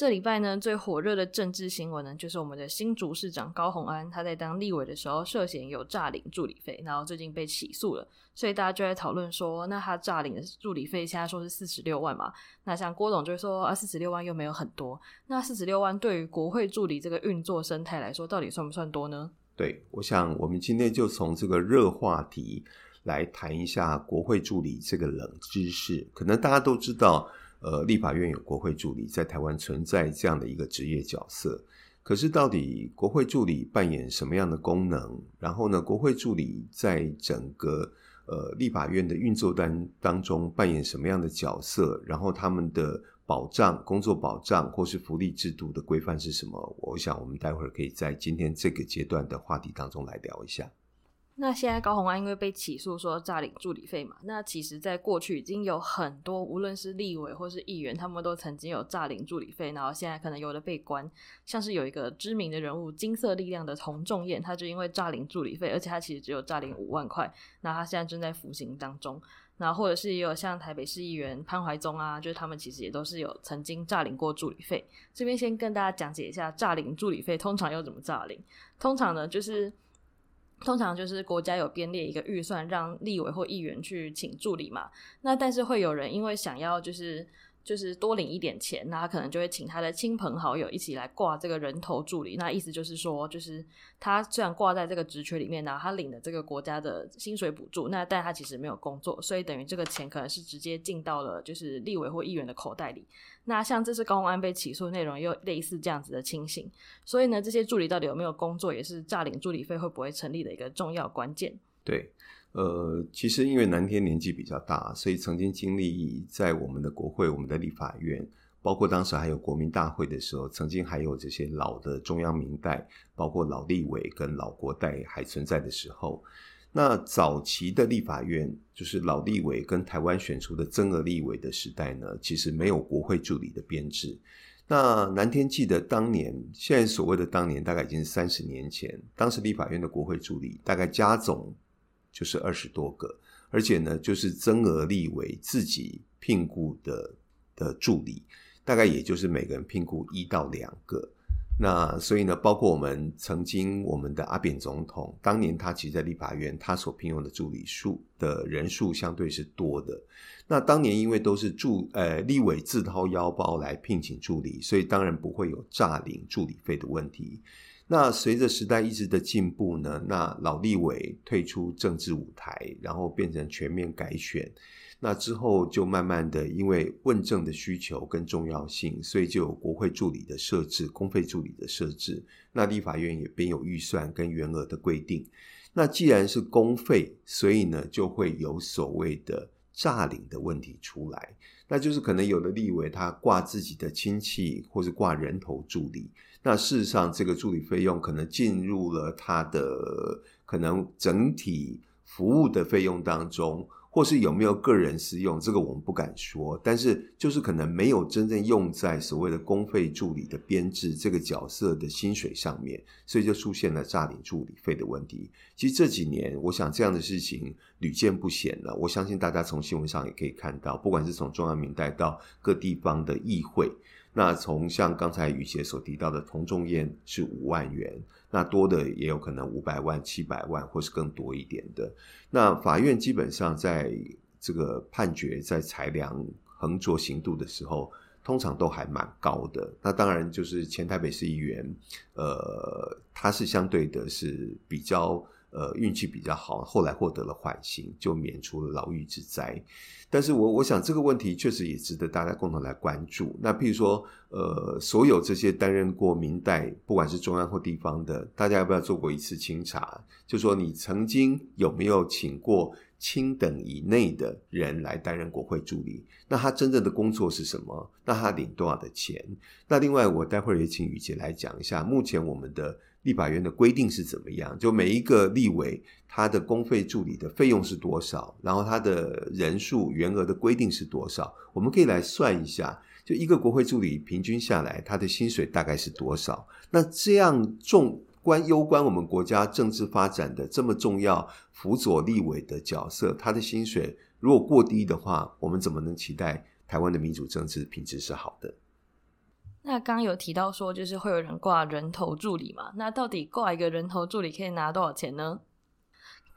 這禮拜呢，最火熱的政治新聞呢，就是我們的新竹市長高虹安，他在當立委的時候涉嫌有詐領助理費，然後最近被起訴了，所以大家就在討論說，那他詐領的助理費，現在說是四十六萬嘛？那像郭董就說，啊，四十六萬又沒有很多，那四十六萬對於國會助理這個運作生態來說，到底算不算多呢？對，我想我們今天就從這個熱話題來談一下國會助理這個冷知識，可能大家都知道。呃，立法院有國會助理，在台灣存在這樣的一個職業角色。可是，到底國會助理扮演什麼樣的功能？然後呢，國會助理在整個呃立法院的運作當當中扮演什麼樣的角色？然後他們的保障、工作保障或是福利制度的規範是什麼？我想，我們待會可以在今天這個階段的話題當中來聊一下。那現在高虹安、啊、因為被起訴說詐領助理費嘛，那其實，在過去已經有很多，無論是立委或是議員，他們都曾經有詐領助理費，然後現在可能有的被關，像是有一個知名的人物“金色力量”的童仲彥，他就因為詐領助理費，而且他其實只有詐領五萬塊，那他現在正在服刑當中，然後或者是也有像台北市議員潘懷宗啊，就是他們其實也都是有曾經詐領過助理費。這邊先跟大家講解一下詐領助理費通常要怎麼詐領，通常呢就是。通常就是國家有編列一個預算，讓立委或議員去請助理嘛。那但是會有人因為想要就是。就是多領一點錢，那他可能就會請他的親朋好友一起來掛這個人頭助理。那意思就是說，就是他雖然掛在這個職缺裡面，那他領的這個國家的薪水補助，那但他其實沒有工作，所以等於這個錢可能是直接進到了就是立委或議員的口袋裡。那像這次高虹安被起訴內容又類似這樣子的情形，所以呢，這些助理到底有沒有工作，也是詐領助理費會不會成立的一個重要關鍵。對。呃，其實因為南天年紀比較大，所以曾經經歷在我們的國會、我們的立法院，包括當時還有國民大會的時候，曾經還有這些老的中央民代，包括老立委跟老國代還存在的時候。那早期的立法院，就是老立委跟台灣選出的增額立委的時代呢，其實沒有國會助理的編制。那南天記得當年，現在所謂的當年，大概已經是三十年前，當時立法院的國會助理大概加總。就是二十多個，而且呢，就是增額立委自己聘僱的的助理，大概也就是每個人聘僱一到兩個。那所以呢，包括我們曾經我們的阿扁總統，當年他其實在立法院，他所聘用的助理數的人數相對是多的。那當年因為都是助，呃，立委自掏腰包來聘請助理，所以當然不會有詐領助理費的問題。那隨着時代一直的進步呢，那老立委退出政治舞台，然後變成全面改選。那之後就慢慢的，因為問政的需求跟重要性，所以就有國會助理的設置、公費助理的設置。那立法院也編有預算跟員額的規定。那既然是公費，所以呢就會有所謂的詐領的問題出來。那就是可能有的立委他掛自己的親戚，或是掛人頭助理。那事實上，這個助理費用可能進入了他的可能整體服務的費用當中，或是有沒有個人私用，這個我們不敢說。但是，就是可能沒有真正用在所謂的公費助理的編制這個角色的薪水上面，所以就出現了詐領助理費的問題。其實這幾年，我想這樣的事情屢見不鮮了。我相信大家從新聞上也可以看到，不管是從中央民代到各地方的議會。那從像剛才雨杰所提到的，童仲彥是五萬元，那多的也有可能五百萬、七百萬或是更多一點的。那法院基本上在這個判決在裁量衡酌刑度的時候，通常都還蠻高的。那當然就是前台北市議員，呃，他是相對的是比較。呃，運氣比較好，後來獲得了緩刑，就免除了牢獄之災。但是我我想這個問題確實也值得大家共同來關注。那譬如說，呃，所有這些擔任過民代，不管是中央或地方的，大家要不要做過一次清查？就說你曾經有沒有請過？清等以內的人來擔任國會助理，那他真正的工作是什麼？那他領多少的錢？那另外，我待會兒也請雨杰來講一下，目前我們的立法院的規定是怎麼樣？就每一個立委他的公費助理的費用是多少？然後他的人數員額的規定是多少？我們可以來算一下，就一個國會助理平均下來他的薪水大概是多少？那這樣重，關攸關我們國家政治發展的這麼重要、輔佐立委的角色，他的薪水如果過低的話，我們怎麼能期待台灣的民主政治品質是好的？那剛剛有提到說，就是會有人掛人頭助理嘛。那到底掛一個人頭助理可以拿多少錢呢？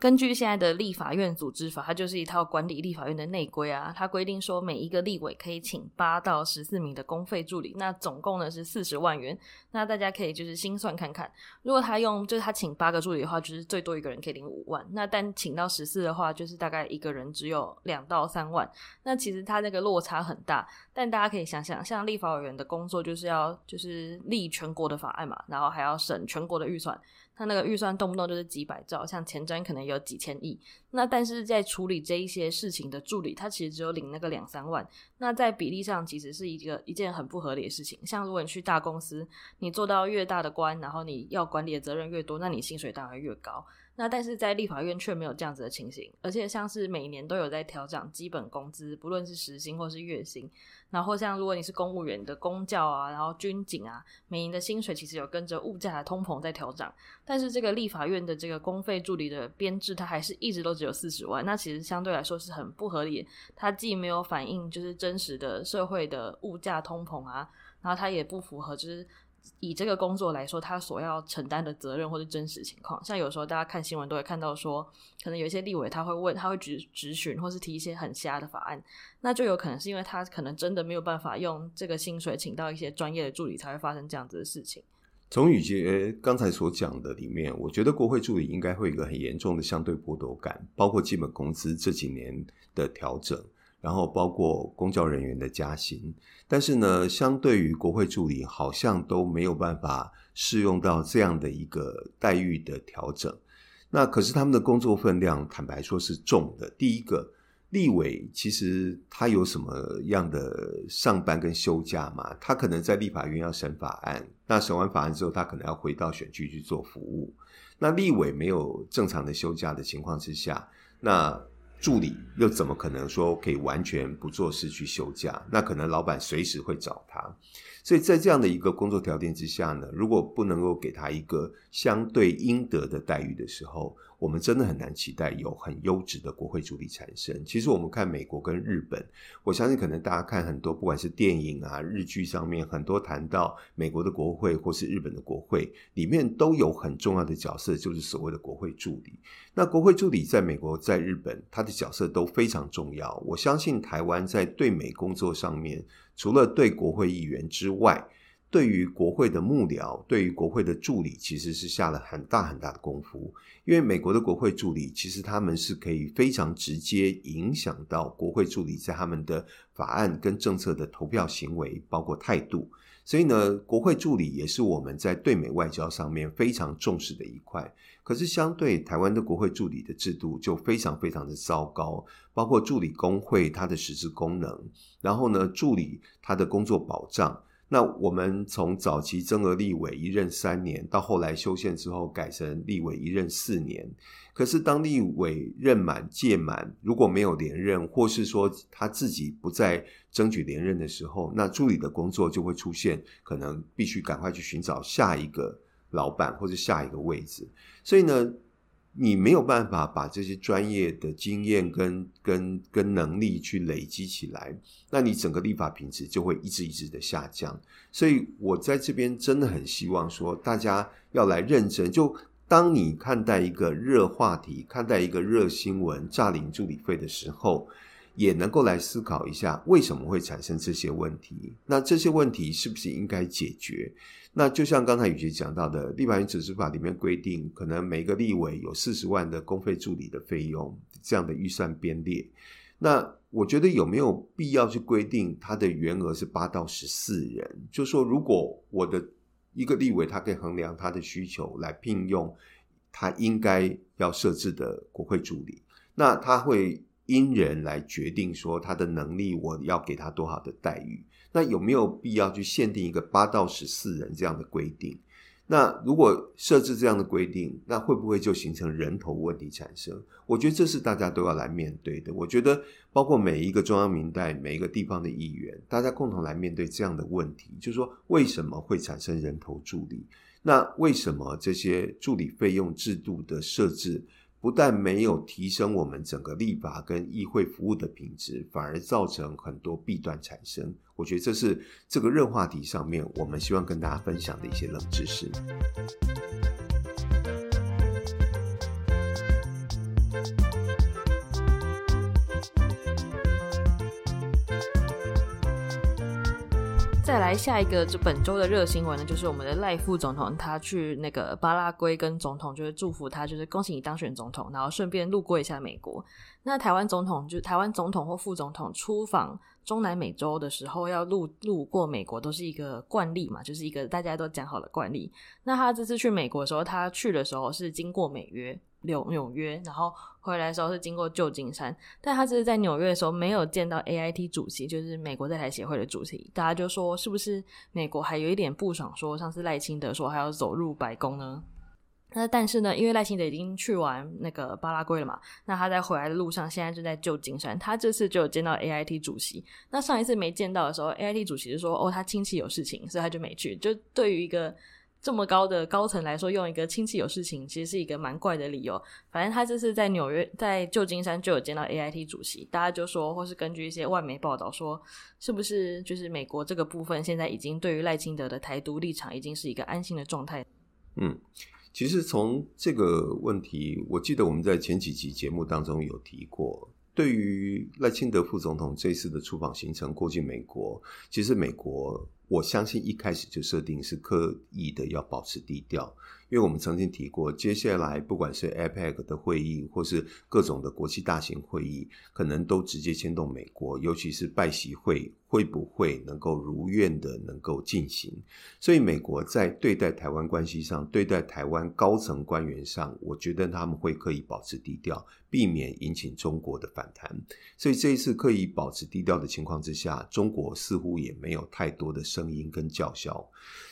根據現在的立法院組織法，它就是一套管理立法院的內規啊。它規定說，每一個立委可以請八到十四名的公費助理，那總共呢是四十萬元。那大家可以就是心算看看，如果他用就是他請八個助理的話，就是最多一個人可以領五萬；那但請到十四的話，就是大概一個人只有兩到三萬。那其實他這個落差很大，但大家可以想想，像立法委員的工作就是要就是立全國的法案嘛，然後還要審全國的預算。他那個預算動不動就是幾百兆，像前瞻可能有幾千億，那但是在處理這一些事情的助理，他其實只有領那個兩三萬，那在比例上其實是一個一件很不合理的事情。像如果你去大公司，你做到越大的官，然後你要管理的責任越多，那你薪水當然越高。那但是在立法院卻沒有這樣子的情形，而且像是每年都有在調整基本工資，不論是時薪或是月薪。然後像如果你是公務員的公教啊，然後軍警啊，每年的薪水其實有跟着物價的通膨在調漲。但是這個立法院的這個公費助理的編制，它還是一直都只有四十萬，那其實相對來說是很不合理。它既沒有反映就是真實的社會的物價通膨啊，然後它也不符合就是。以這個工作來說，他所要承擔的責任或是真實情況，像有時候大家看新聞都會看到說，可能有一些立委他會問，他會質質詢，或是提一些很瞎的法案，那就有可能是因為他可能真的沒有辦法用這個薪水請到一些專業的助理，才會發生這樣子的事情。從宇杰剛才所講的裡面，我覺得國會助理應該會有一個很嚴重的相對剝奪感，包括基本工資這幾年的調整。然後包括公教人員的加薪，但是呢，相對於國會助理，好像都沒有辦法適用到這樣的一個待遇的調整。那可是他們的工作分量，坦白說是重的。第一個，立委其實他有什麼樣的上班跟休假嘛？他可能在立法院要審法案，那審完法案之後，他可能要回到選區去做服務。那立委沒有正常的休假的情況之下，那助理又怎麼可能說可以完全不做事去休假？那可能老闆隨時會找他，所以在這樣的一個工作條件之下呢，如果不能夠給他一個相對應得的待遇的時候。我們真的很難期待有很優質的國會助理産生。其實我們看美國跟日本，我相信可能大家看很多，不管是電影啊、日劇上面，很多談到美國的國會或是日本的國會，裡面都有很重要的角色，就是所謂的國會助理。那國會助理在美國、在日本，他的角色都非常重要。我相信台灣在對美工作上面，除了對國會議員之外。對於國會的幕僚，對於國會的助理，其實是下了很大很大的功夫。因為美國的國會助理，其實他們是可以非常直接影響到國會助理在他們的法案跟政策的投票行為，包括態度。所以呢，國會助理也是我們在對美外交上面非常重視的一塊。可是，相對台灣的國會助理的制度就非常非常的糟糕，包括助理工會它的實質功能，然後呢，助理他的工作保障。那我們從早期增額立委一任三年，到後來修憲之後改成立委一任四年。可是當立委任滿，屆滿，如果沒有連任，或是說他自己不再爭取連任的時候，那助理的工作就會出現，可能必須趕快去尋找下一個老闆或者下一個位置。所以呢，你沒有辦法把這些專業的經驗跟跟跟能力去累積起來，那你整個立法品質就會一直一直的下降。所以，我在這邊真的很希望說，大家要來認真。就當你看待一個熱話題，看待一個熱新聞，詐領助理費的時候。也能夠來思考一下為什麼會產生這些問題？那這些問題是不是應該解決？那就像剛才宇杰講到的，立法院組織法裡面規定，可能每個立委有四十萬的公費助理的費用這樣的預算編列。那我覺得有沒有必要去規定它的員額是八到十四人？就說如果我的一個立委他可以衡量他的需求來聘用他應該要設置的國會助理，那他會。因人來決定說他的能力，我要給他多好的待遇？那有沒有必要去限定一個八到十四人這樣的規定？那如果設置這樣的規定，那會不會就形成人頭問題產生？我覺得這是大家都要來面對的。我覺得包括每一個中央民代、每一個地方的議員，大家共同來面對這樣的問題，就是說為什麼會產生人頭助理？那為什麼這些助理費用制度的設置？不但沒有提升我們整個立法跟議會服務的品質，反而造成很多弊端產生。我覺得這是這個熱話題上面，我們希望跟大家分享的一些冷知識。下一個就本週的熱新聞呢，就是我們的賴副總統，他去那個巴拉圭跟總統就是祝福他，就是恭喜你當選總統，然後順便路過一下美國。那台灣總統就台灣總統或副總統出訪中南美洲的時候要路，路路過美國都是一個慣例嘛，就是一個大家都講好的慣例。那他這次去美國的時候，他去的時候是經過美約。紐紐約，然後回來的時候是經過舊金山，但他這次在紐約的時候沒有見到 A I T 主席，就是美國在台協會的主席。大家就說是不是美國還有一點不爽說，說上次賴清德說還要走入白宮呢？那但是呢，因為賴清德已經去完那個巴拉圭了嘛，那他在回來的路上，現在就在舊金山，他這次就有見到 A I T 主席。那上一次沒見到的時候，A I T 主席就說哦他親戚有事情，所以他就沒去。就對於一個。這麼高的高層來說，用一個親戚有事情，其實是一個蠻怪的理由。反正他這次在紐約，在舊金山就有見到 AIT 主席，大家就說，或是根據一些外媒報道說，是不是就是美國這個部分現在已經對於賴清德的台獨立場已經是一個安心的狀態？嗯，其實從這個問題，我記得我們在前幾集節目當中有提過，對於賴清德副總統這一次的出訪行程過去美國，其實美國。我相信一開始就設定是刻意的，要保持低調。因為我們曾經提過，接下來不管是 APEC 的會議，或是各種的國際大型會議，可能都直接牽動美國，尤其是拜習會會不會能夠如願的能夠進行。所以，美國在對待台灣關係上，對待台灣高層官員上，我覺得他們會刻意保持低調，避免引起中國的反彈。所以這一次刻意保持低調的情況之下，中國似乎也沒有太多的聲音跟叫囂。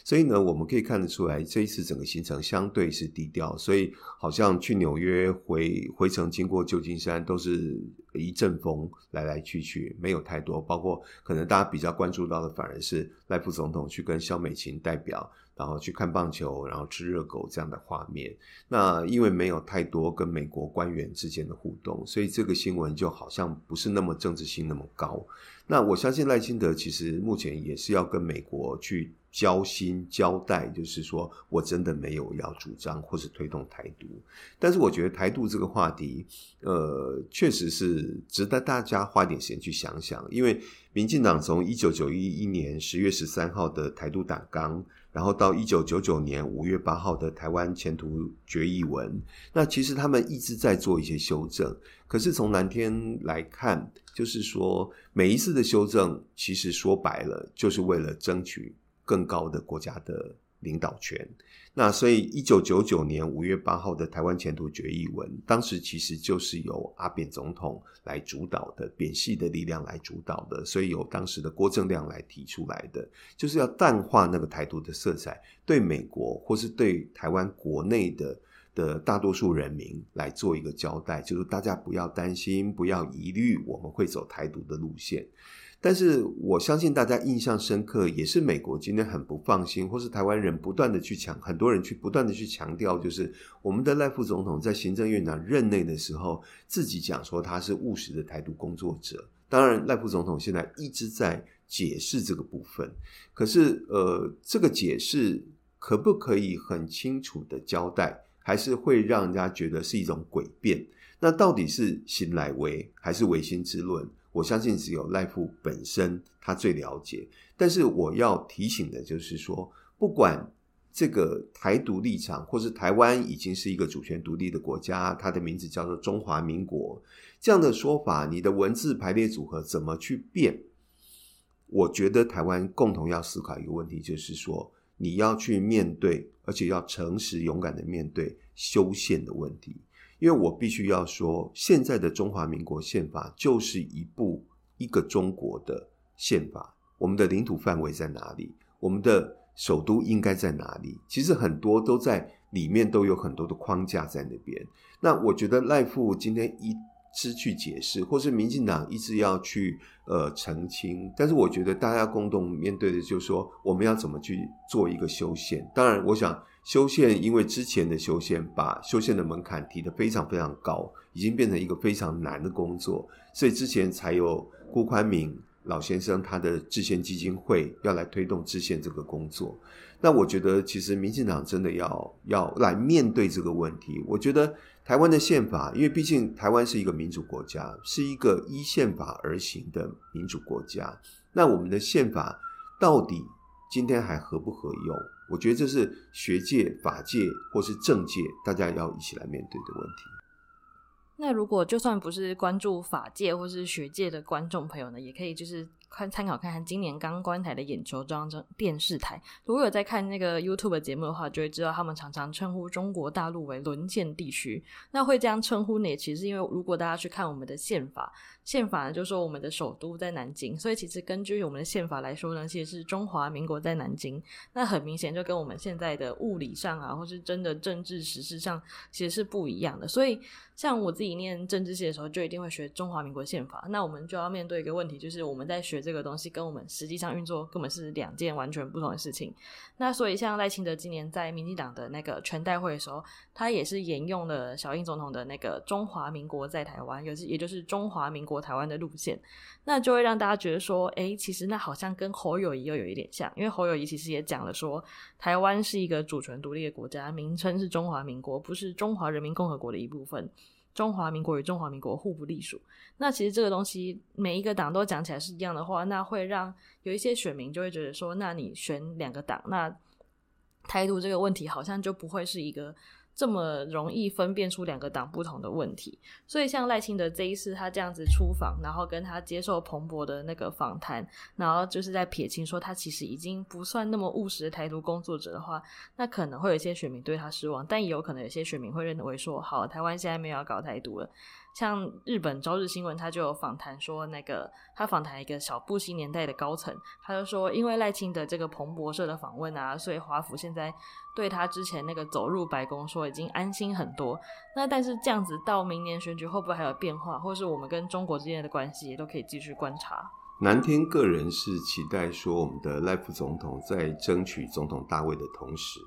所以呢，我們可以看得出來，這一次整個行程，相對是低調，所以好像去紐約回回程經過舊金山，都是一陣風來來去去，沒有太多。包括可能大家比較關注到的，反而是賴副總統去跟蕭美琴代表，然後去看棒球，然後吃熱狗這樣的畫面。那因為沒有太多跟美國官員之間的互動，所以這個新聞就好像不是那麼政治性那麼高。那我相信賴清德其實目前也是要跟美國去。交心交代，就是說我真的沒有要主張或是推動台獨，但是我覺得台獨這個話題，呃，確實是值得大家花點時間去想想。因為民進黨從一九九一年十月十三號的台獨黨綱，然後到一九九九年五月八號的台灣前途決議文，那其實他們一直在做一些修正。可是從藍天來看，就是說每一次的修正，其實說白了，就是為了爭取。更高的國家的領導權，那所以一九九九年五月八號的台灣前途決議文，當時其實就是由阿扁總統來主導的，扁系的力量來主導的，所以由當時的郭正亮來提出來的，就是要淡化那個台獨的色彩，對美國或是對台灣國內的的大多數人民來做一個交代，就是大家不要擔心，不要疑慮，我們會走台獨的路線。但是我相信大家印象深刻，也是美國今天很不放心，或是台灣人不斷的去強，很多人去不斷的去強調，就是我們的賴副總統在行政院長、啊、任內的時候，自己講說他是務實的台獨工作者。當然，賴副總統現在一直在解釋這個部分，可是呃，這個解釋可不可以很清楚的交代，還是會讓人家覺得是一種詭辯？那到底是行來為，還是違心之論？我相信只有賴副本身他最了解，但是我要提醒的就是說，不管這個台獨立場，或是台灣已經是一個主權獨立的國家，它的名字叫做中華民國，這樣的說法，你的文字排列組合怎麼去變？我覺得台灣共同要思考一個問題，就是說你要去面對，而且要誠實勇敢的面對修憲的問題。因為我必須要說，現在的中華民國憲法就是一部一個中國的憲法。我們的領土範圍在哪裡？我們的首都應該在哪裡？其實很多都在裡面都有很多的框架在那邊。那我覺得賴副今天一直去解釋，或是民進黨一直要去呃澄清，但是我覺得大家共同面對的是就是說，我們要怎麼去做一個修憲？當然，我想。修憲，因為之前的修憲把修憲的門檻提得非常非常高，已經變成一個非常難的工作，所以之前才有辜寬敏老先生他的制憲基金會要來推動制憲這個工作。那我覺得，其實民進黨真的要要來面對這個問題。我覺得台灣的憲法，因為畢竟台灣是一個民主國家，是一個依憲法而行的民主國家。那我們的憲法到底今天還合不合用？我覺得這是學界、法界或是政界，大家要一起來面對的問題。那如果就算不是關注法界或是學界的觀眾朋友呢，也可以就是。看參考看看，今年剛關台的眼球中央電視台，如果有在看那個 YouTube 節目的話，就會知道他們常常稱呼中國大陸為淪陷地區。那會這樣稱呼呢？其實是因為如果大家去看我們的憲法，憲法呢就說我們的首都在南京，所以其實根據我們的憲法來說呢，其實是中華民國在南京。那很明顯就跟我們現在的物理上啊，或是真的政治實施上其實是不一樣的。所以像我自己念政治系的時候，就一定會學中華民國憲法。那我們就要面對一個問題，就是我們在學。這個東西跟我們實際上運作根本是兩件完全不同的事情。那所以像賴清德今年在民進黨的那個全代會的時候，他也是沿用了小英總統的那個“中華民國在台灣”，也就是“中華民國台灣”的路線，那就會讓大家覺得說，哎，其實那好像跟侯友宜又有一點像，因為侯友宜其實也講了說，台灣是一個主權獨立的國家，名稱是中華民國，不是中華人民共和國的一部分。中華民國與中華民國互不隸屬。那其實這個東西每一個黨都講起來是一樣的話，那會讓有一些選民就會覺得說：那你選兩個黨，那台獨這個問題好像就不會是一個。這麼容易分辨出兩個黨不同的問題，所以像賴清德這一次他這樣子出訪，然後跟他接受彭博的那個訪談，然後就是在撇清說他其實已經不算那麼務實的台獨工作者的話，那可能會有一些選民對他失望，但也有可能有些選民會認為說，好，台灣現在沒有要搞台獨了。像日本《朝日新聞》他就有訪談說，那個他訪談一個小布希年代的高層，他就說，因為賴清德這個彭博社的訪問啊，所以華府現在對他之前那個走入白宮說已經安心很多。那但是這樣子到明年選舉會不會還有變化，或是我們跟中國之間的關係也都可以繼續觀察。南天個人是期待說，我們的賴副總統在爭取總統大位的同時，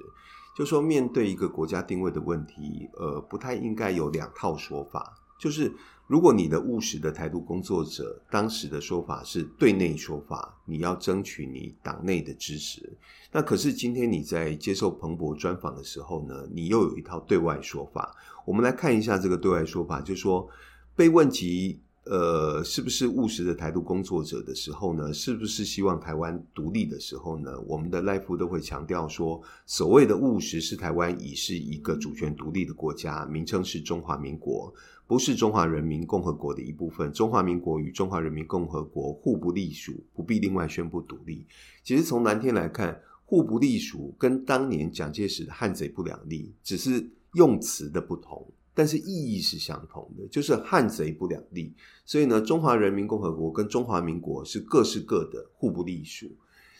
就說面對一個國家定位的問題，呃，不太應該有兩套說法。就是，如果你的務實的台獨工作者當時的說法是對內說法，你要爭取你黨內的支持。那可是今天你在接受彭博專訪的時候呢，你又有一套對外說法。我們來看一下這個對外說法，就是說，被問及。呃，是不是務實的台獨工作者，的時候呢？是不是希望台灣獨立的時候呢？我們的賴副都會強調說，所謂的務實是台灣已是一個主權獨立的國家，名稱是中華民國，不是中華人民共和國的一部分。中華民國與中華人民共和國互不隸屬，不必另外宣布獨立。其實從藍天來看，互不隸屬跟當年蔣介石的漢賊不兩立，只是用詞的不同。但是意義是相同的，就是漢賊不兩立。所以呢，中華人民共和國跟中華民國是各是各的，互不隸屬。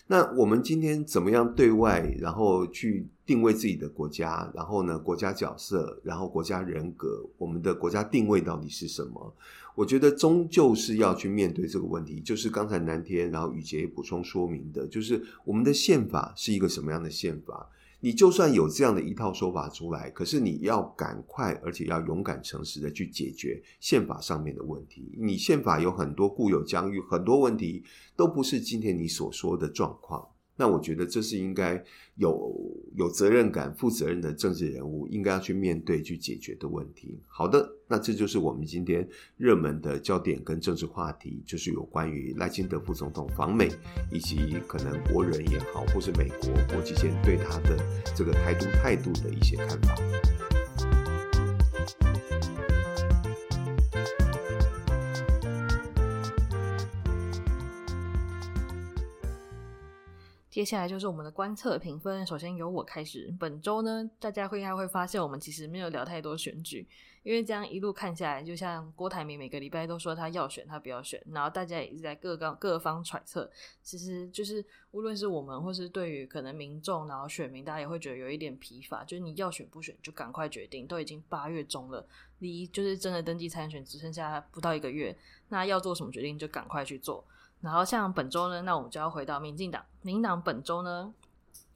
那我們今天怎麼樣對外，然後去定位自己的國家，然後呢，國家角色，然後國家人格，我們的國家定位到底是什麼？我覺得終究是要去面對這個問題。就是剛才南天，然後宇杰也補充說明的，就是我們的憲法是一個什麼樣的憲法？你就算有這樣的一套說法出來，可是你要趕快，而且要勇敢誠實的去解決憲法上面的問題。你憲法有很多固有疆域，很多問題都不是今天你所說的狀況。那我覺得這是應該有有責任感、負責任的政治人物應該要去面對、去解決的問題。好的，那這就是我們今天熱門的焦點跟政治話題，就是有關於賴清德副總統訪美，以及可能國人也好，或是美國國際間對他的這個態度、態度的一些看法。接下來就是我們的觀測評分。首先由我開始。本周呢，大家會應該會發現我們其實沒有聊太多選舉，因為這樣一路看下來，就像郭台銘每個禮拜都說他要選，他不要選，然後大家也一直在各個各方揣測。其實就是無論是我們，或是對於可能民眾，然後選民，大家也會覺得有一點疲乏，就是你要選不選，就趕快決定。都已經八月中了，離就是真的登記參選只剩下不到一個月，那要做什麼決定，就趕快去做。然後像本周呢，那我們就要回到民進黨。民進黨本周呢，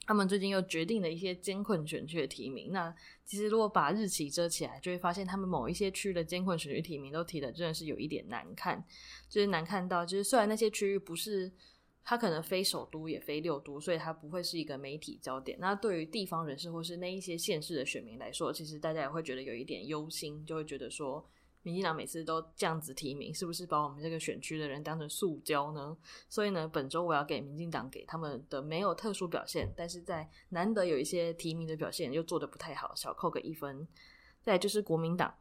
他們最近又決定了一些艱困選區的提名。那其實如果把日期遮起來，就會發現他們某一些區的艱困選區提名都提的真的是有一點難看，就是難看到，就是雖然那些區域不是它可能非首都也非六都，所以它不會是一個媒體焦點。那對於地方人士或是那一些縣市的選民來說，其實大家也會覺得有一點憂心，就會覺得說。民進黨每次都這樣子提名，是不是把我們這個選區的人當成塑膠呢？所以呢，本周我要給民進黨給他們的沒有特殊表現，但是在難得有一些提名的表現又做得不太好，小扣個一分。再來就是國民黨，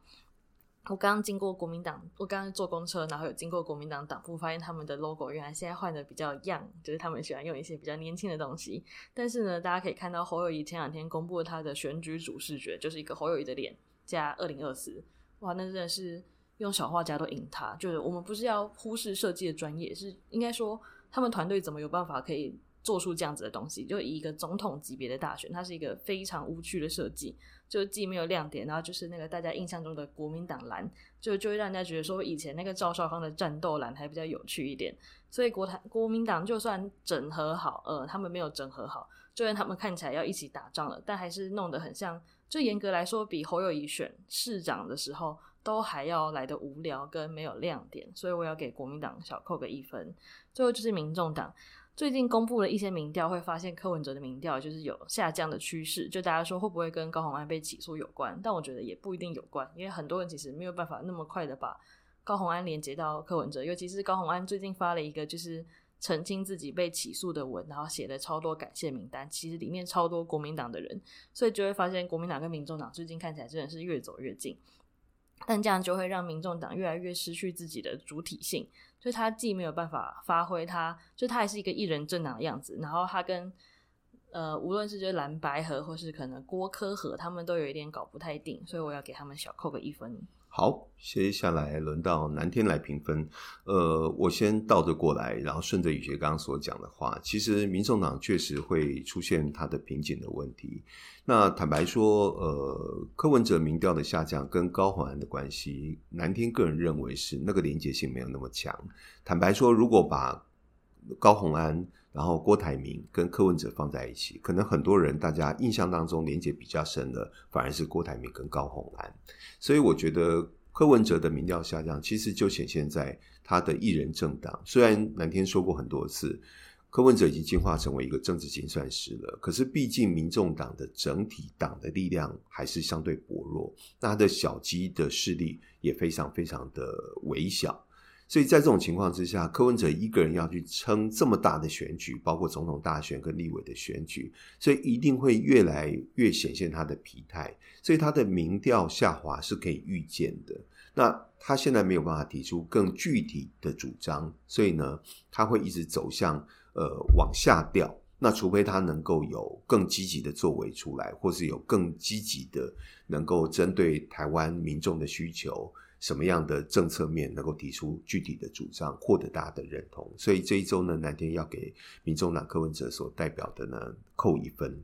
我剛剛經過國民黨，我剛剛坐公車，然後有經過國民黨黨部，發現他們的 logo 原來現在換得比較 young，就是他們喜歡用一些比較年輕的東西。但是呢，大家可以看到侯友宜前兩天公布了他的選舉主視覺，就是一個侯友宜的臉加二零二四。哇，那真的是用小畫家都贏他，就是我們不是要忽視設計的專業，是應該說他們團隊怎麼有辦法可以做出這樣子的東西？就以一個總統級別的大選，它是一個非常無趣的設計，就既沒有亮點，然後就是那個大家印象中的國民黨藍，就就會讓人家覺得說以前那個趙少康的戰鬥藍還比較有趣一點。所以國台國民黨就算整合好，呃，他們沒有整合好，雖然他們看起來要一起打仗了，但還是弄得很像。最嚴格來說，比侯友宜選市長的時候都還要來得無聊跟沒有亮點，所以我要給國民黨小扣個一分。最後就是民眾黨，最近公布了一些民調，會發現柯文哲的民調就是有下降的趨勢。就大家說會不會跟高虹安被起訴有關？但我覺得也不一定有關，因為很多人其實沒有辦法那麼快的把高虹安連接到柯文哲，尤其是高虹安最近發了一個就是。澄清自己被起訴的文，然後寫了超多感謝名單，其實裡面超多國民黨的人，所以就會發現國民黨跟民眾黨最近看起來真的是越走越近，但這樣就會讓民眾黨越來越失去自己的主體性，所以他既沒有辦法發揮，他就他還是一個一人政黨的樣子，然後他跟。呃，無論是藍白合，或是可能郭柯合，他們都有一點搞不太定，所以我要給他們小扣個一分。好，接下來輪到南天來評分。呃，我先倒着過來，然後順着雨杰剛剛所講的話，其實民眾黨確實會出現它的瓶頸的問題。那坦白說，呃，柯文哲民調的下降跟高虹安的關係，南天個人認為是那個連結性沒有那麼強。坦白說，如果把高虹安然後郭台銘跟柯文哲放在一起，可能很多人大家印象當中連接比較深的，反而是郭台銘跟高虹安。所以我覺得柯文哲的民調下降，其實就顯現在他的一人政黨。雖然藍天說過很多次，柯文哲已經進化成為一個政治精算師了，可是畢竟民眾黨的整體黨的力量還是相對薄弱，那他的小雞的勢力也非常非常的微小。所以在這種情況之下，柯文哲一個人要去撐這麼大的選舉，包括總統大選跟立委的選舉，所以一定會越來越顯現他的疲態，所以他的民調下滑是可以預見的。那他現在沒有辦法提出更具體的主張，所以呢，他會一直走向呃往下掉。那除非他能夠有更積極的作為出來，或是有更積極的能夠針對台灣民眾的需求。什麼樣的政策面能夠提出具體的主張，獲得大家的認同？所以這一周呢，南天要給民眾黨柯文哲所代表的呢扣一分。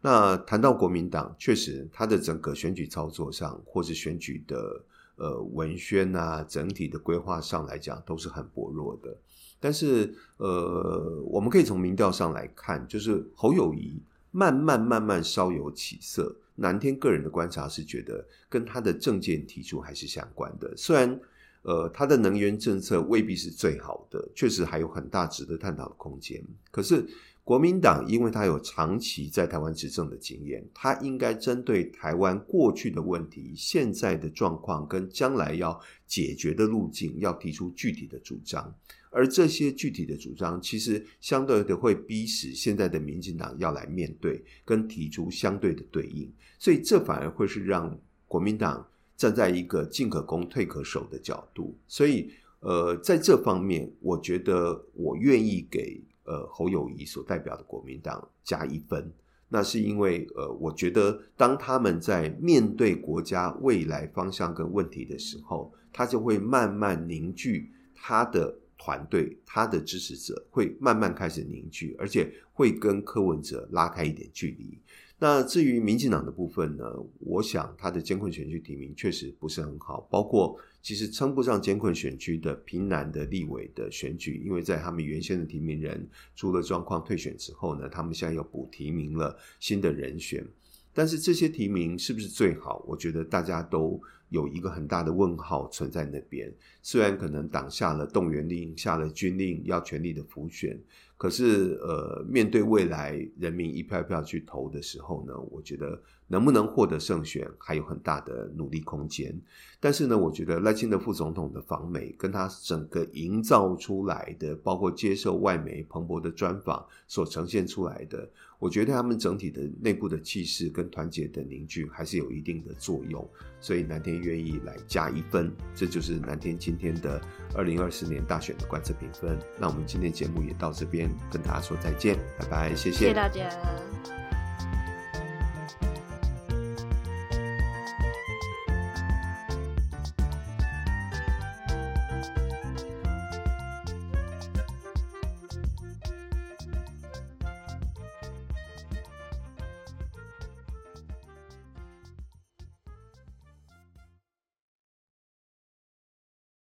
那談到國民黨，確實他的整個選舉操作上，或是選舉的呃文宣啊，整體的規劃上來講，都是很薄弱的。但是呃，我們可以從民調上來看，就是侯友宜。慢慢慢慢稍有起色，南天個人的觀察是覺得跟他的政見提出還是相關的。雖然，呃，他的能源政策未必是最好的，確實還有很大值得探討的空間。可是。國民黨因為他有長期在台灣執政的經驗，他應該針對台灣過去的問題、現在的狀況跟將來要解決的路徑，要提出具體的主張。而這些具體的主張，其實相對的會逼使現在的民進黨要來面對跟提出相對的對應，所以這反而會是讓國民黨站在一個進可攻、退可守的角度。所以，呃，在這方面，我覺得我願意給。呃，侯友宜所代表的國民黨加一分，那是因為呃，我覺得當他們在面對國家未來方向跟問題的時候，他就會慢慢凝聚他的團隊，他的支持者會慢慢開始凝聚，而且會跟柯文哲拉開一點距離。那至於民進黨的部分呢，我想他的艱困選舉提名確實不是很好，包括。其實稱不上艱困選區的平南的立委的選舉，因為在他們原先的提名人出了狀況退選之後呢，他們現在又補提名了新的人選，但是這些提名是不是最好？我覺得大家都有一個很大的問號存在那邊。雖然可能黨下了動員令、下了軍令，要全力的輔選，可是呃，面對未來人民一票一票去投的時候呢，我覺得。能不能獲得勝選還有很大的努力空間，但是呢，我覺得賴清德副總統的訪美跟他整個營造出來的，包括接受外媒彭博的專訪所呈現出來的，我覺得他們整體的內部的氣勢跟團結的凝聚還是有一定的作用，所以南天願意來加一分，這就是南天今天的二零二四年大選的觀測評分。那我們今天節目也到這邊，跟大家說再見，拜拜，謝謝。謝謝大家。